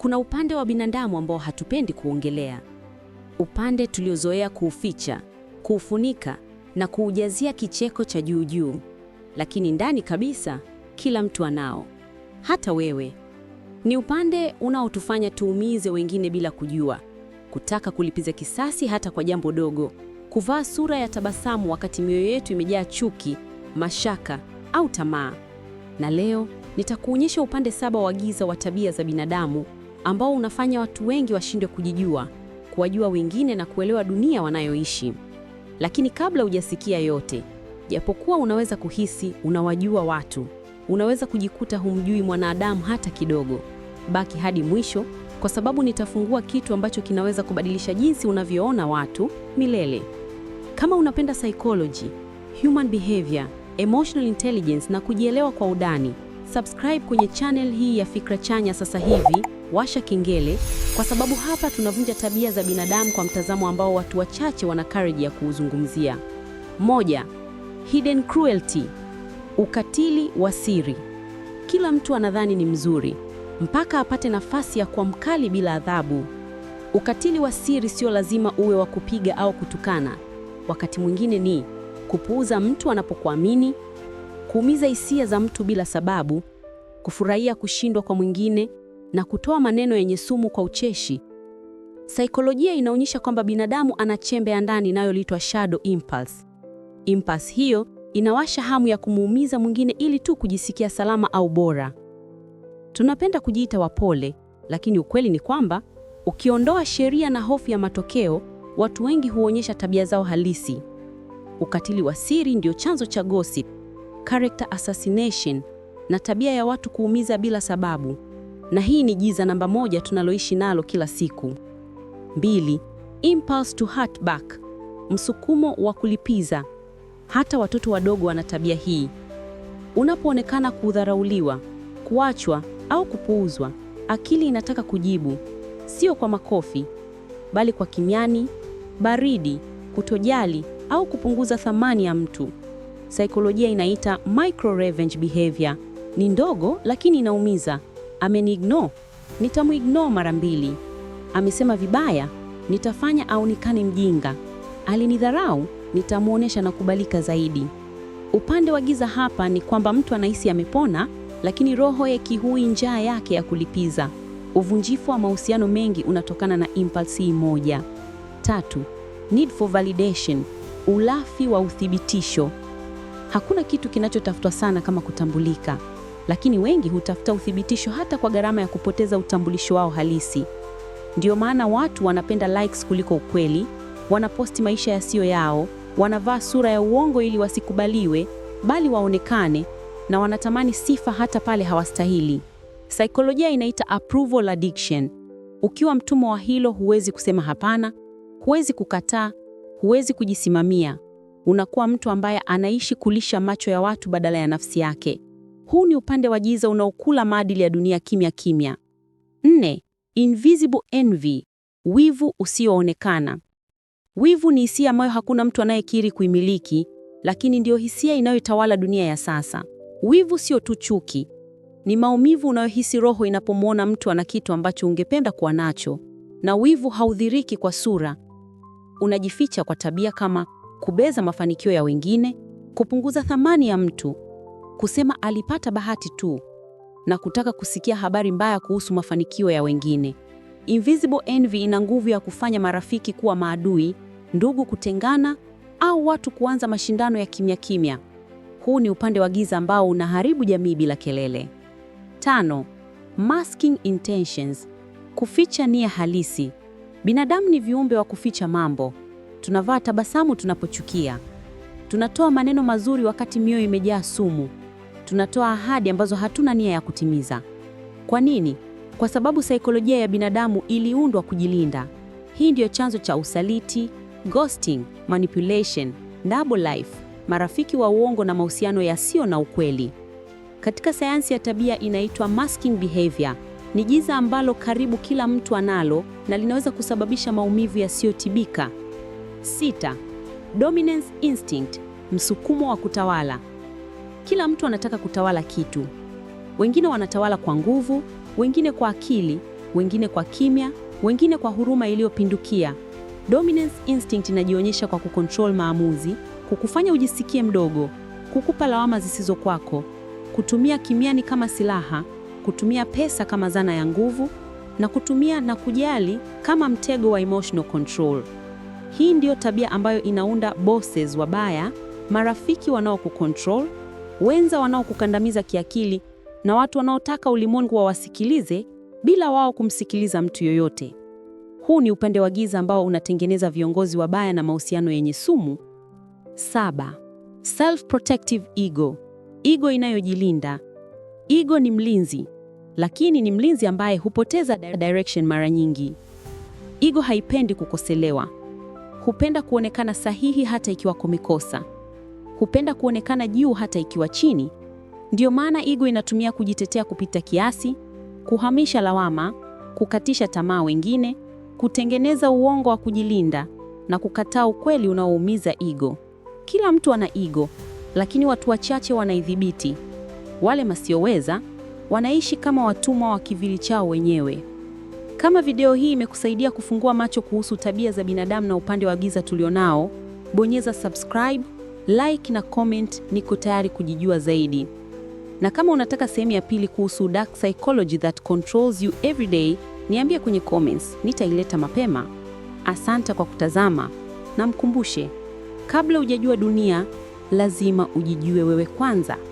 kuna upande wa binadamu ambao hatupendi kuongelea, upande tuliozoea kuuficha, kuufunika na kuujazia kicheko cha juu juu, lakini ndani kabisa kila mtu anao, hata wewe. Ni upande unaotufanya tuumize wengine bila kujua, kutaka kulipiza kisasi hata kwa jambo dogo, kuvaa sura ya tabasamu wakati mioyo yetu imejaa chuki, mashaka au tamaa. Na leo nitakuonyesha upande saba wa giza wa tabia za binadamu ambao unafanya watu wengi washindwe kujijua, kuwajua wengine na kuelewa dunia wanayoishi. Lakini kabla hujasikia yote, japokuwa unaweza kuhisi unawajua watu, unaweza kujikuta humjui mwanadamu hata kidogo. Baki hadi mwisho, kwa sababu nitafungua kitu ambacho kinaweza kubadilisha jinsi unavyoona watu milele. Kama unapenda psychology, human behavior, emotional intelligence na kujielewa kwa udani, subscribe kwenye channel hii ya Fikra Chanya sasa hivi washa kengele, kwa sababu hapa tunavunja tabia za binadamu kwa mtazamo ambao watu wachache wana courage ya kuuzungumzia. Moja, hidden cruelty, ukatili wa siri. Kila mtu anadhani ni mzuri mpaka apate nafasi ya kuwa mkali bila adhabu. Ukatili wa siri sio lazima uwe wa kupiga au kutukana. Wakati mwingine ni kupuuza mtu anapokuamini, kuumiza hisia za mtu bila sababu, kufurahia kushindwa kwa mwingine na kutoa maneno yenye sumu kwa ucheshi. Saikolojia inaonyesha kwamba binadamu ana chembe ya ndani inayoitwa shadow impulse. Impulse hiyo inawasha hamu ya kumuumiza mwingine ili tu kujisikia salama au bora. Tunapenda kujiita wapole, lakini ukweli ni kwamba ukiondoa sheria na hofu ya matokeo, watu wengi huonyesha tabia zao halisi. Ukatili wa siri ndio chanzo cha gossip, character assassination na tabia ya watu kuumiza bila sababu na hii ni giza namba moja tunaloishi nalo kila siku. Mbili, impulse to hurt back, msukumo wa kulipiza. Hata watoto wadogo wana tabia hii. Unapoonekana kudharauliwa, kuachwa au kupuuzwa, akili inataka kujibu, sio kwa makofi, bali kwa kimiani, baridi, kutojali au kupunguza thamani ya mtu. Saikolojia inaita micro revenge behavior. Ni ndogo lakini inaumiza ameniignore, nitamuignore mara mbili. Amesema vibaya, nitafanya aonekane mjinga. Alinidharau, nitamwonyesha nakubalika zaidi. Upande wa giza hapa ni kwamba mtu anahisi amepona, lakini roho ya kihui njaa yake ya kulipiza. Uvunjifu wa mahusiano mengi unatokana na impulse hii moja. Tatu, need for validation, ulafi wa uthibitisho. Hakuna kitu kinachotafutwa sana kama kutambulika lakini wengi hutafuta uthibitisho hata kwa gharama ya kupoteza utambulisho wao halisi. Ndiyo maana watu wanapenda likes kuliko ukweli, wanaposti maisha yasiyo yao, wanavaa sura ya uongo ili wasikubaliwe, bali waonekane, na wanatamani sifa hata pale hawastahili. Saikolojia inaita approval addiction. Ukiwa mtumwa wa hilo, huwezi kusema hapana, huwezi kukataa, huwezi kujisimamia. Unakuwa mtu ambaye anaishi kulisha macho ya watu badala ya nafsi yake. Huu ni upande wa giza unaokula maadili ya dunia kimya kimya. Nne, invisible envy, wivu usioonekana. Wivu ni hisia ambayo hakuna mtu anayekiri kuimiliki, lakini ndiyo hisia inayotawala dunia ya sasa. Wivu sio tu chuki, ni maumivu unayohisi roho inapomwona mtu ana kitu ambacho ungependa kuwa nacho, na wivu haudhiriki kwa sura. Unajificha kwa tabia kama kubeza mafanikio ya wengine, kupunguza thamani ya mtu kusema alipata bahati tu na kutaka kusikia habari mbaya kuhusu mafanikio ya wengine. Invisible envy ina nguvu ya kufanya marafiki kuwa maadui, ndugu kutengana, au watu kuanza mashindano ya kimya kimya. Huu ni upande wa giza ambao unaharibu jamii bila kelele. Tano, masking intentions, kuficha nia halisi. Binadamu ni viumbe wa kuficha mambo. Tunavaa tabasamu tunapochukia, tunatoa maneno mazuri wakati mioyo imejaa sumu tunatoa ahadi ambazo hatuna nia ya kutimiza. Kwa nini? Kwa sababu saikolojia ya binadamu iliundwa kujilinda. Hii ndiyo chanzo cha usaliti, ghosting, manipulation, double life, marafiki wa uongo na mahusiano yasiyo na ukweli. Katika sayansi ya tabia inaitwa masking behavior. Ni giza ambalo karibu kila mtu analo na linaweza kusababisha maumivu yasiyotibika. Sita, dominance instinct, msukumo wa kutawala. Kila mtu anataka kutawala kitu. Wengine wanatawala kwa nguvu, wengine kwa akili, wengine kwa kimya, wengine kwa huruma iliyopindukia. Dominance instinct inajionyesha kwa kukontrol maamuzi, kukufanya ujisikie mdogo, kukupa lawama zisizo kwako, kutumia kimiani kama silaha, kutumia pesa kama zana ya nguvu, na kutumia na kujali kama mtego wa emotional control. Hii ndiyo tabia ambayo inaunda bosses wabaya, marafiki wanaokukontrol wenza wanaokukandamiza kiakili na watu wanaotaka ulimwengu wawasikilize bila wao kumsikiliza mtu yoyote. Huu ni upande wa giza ambao unatengeneza viongozi wabaya na mahusiano yenye sumu. Saba, self protective ego, ego inayojilinda. Ego ni mlinzi, lakini ni mlinzi ambaye hupoteza direction mara nyingi. Ego haipendi kukoselewa, hupenda kuonekana sahihi hata ikiwa kumekosa hupenda kuonekana juu hata ikiwa chini. Ndiyo maana ego inatumia kujitetea kupita kiasi, kuhamisha lawama, kukatisha tamaa wengine, kutengeneza uongo wa kujilinda na kukataa ukweli unaoumiza ego. Kila mtu ana ego, lakini watu wachache wanaidhibiti. Wale masioweza wanaishi kama watumwa wa kivili chao wenyewe. Kama video hii imekusaidia kufungua macho kuhusu tabia za binadamu na upande wa giza tulionao, bonyeza subscribe like na comment. Niko tayari kujijua zaidi, na kama unataka sehemu ya pili kuhusu dark psychology that controls you every day, niambie kwenye comments, nitaileta mapema. Asante kwa kutazama, na mkumbushe, kabla hujajua dunia, lazima ujijue wewe kwanza.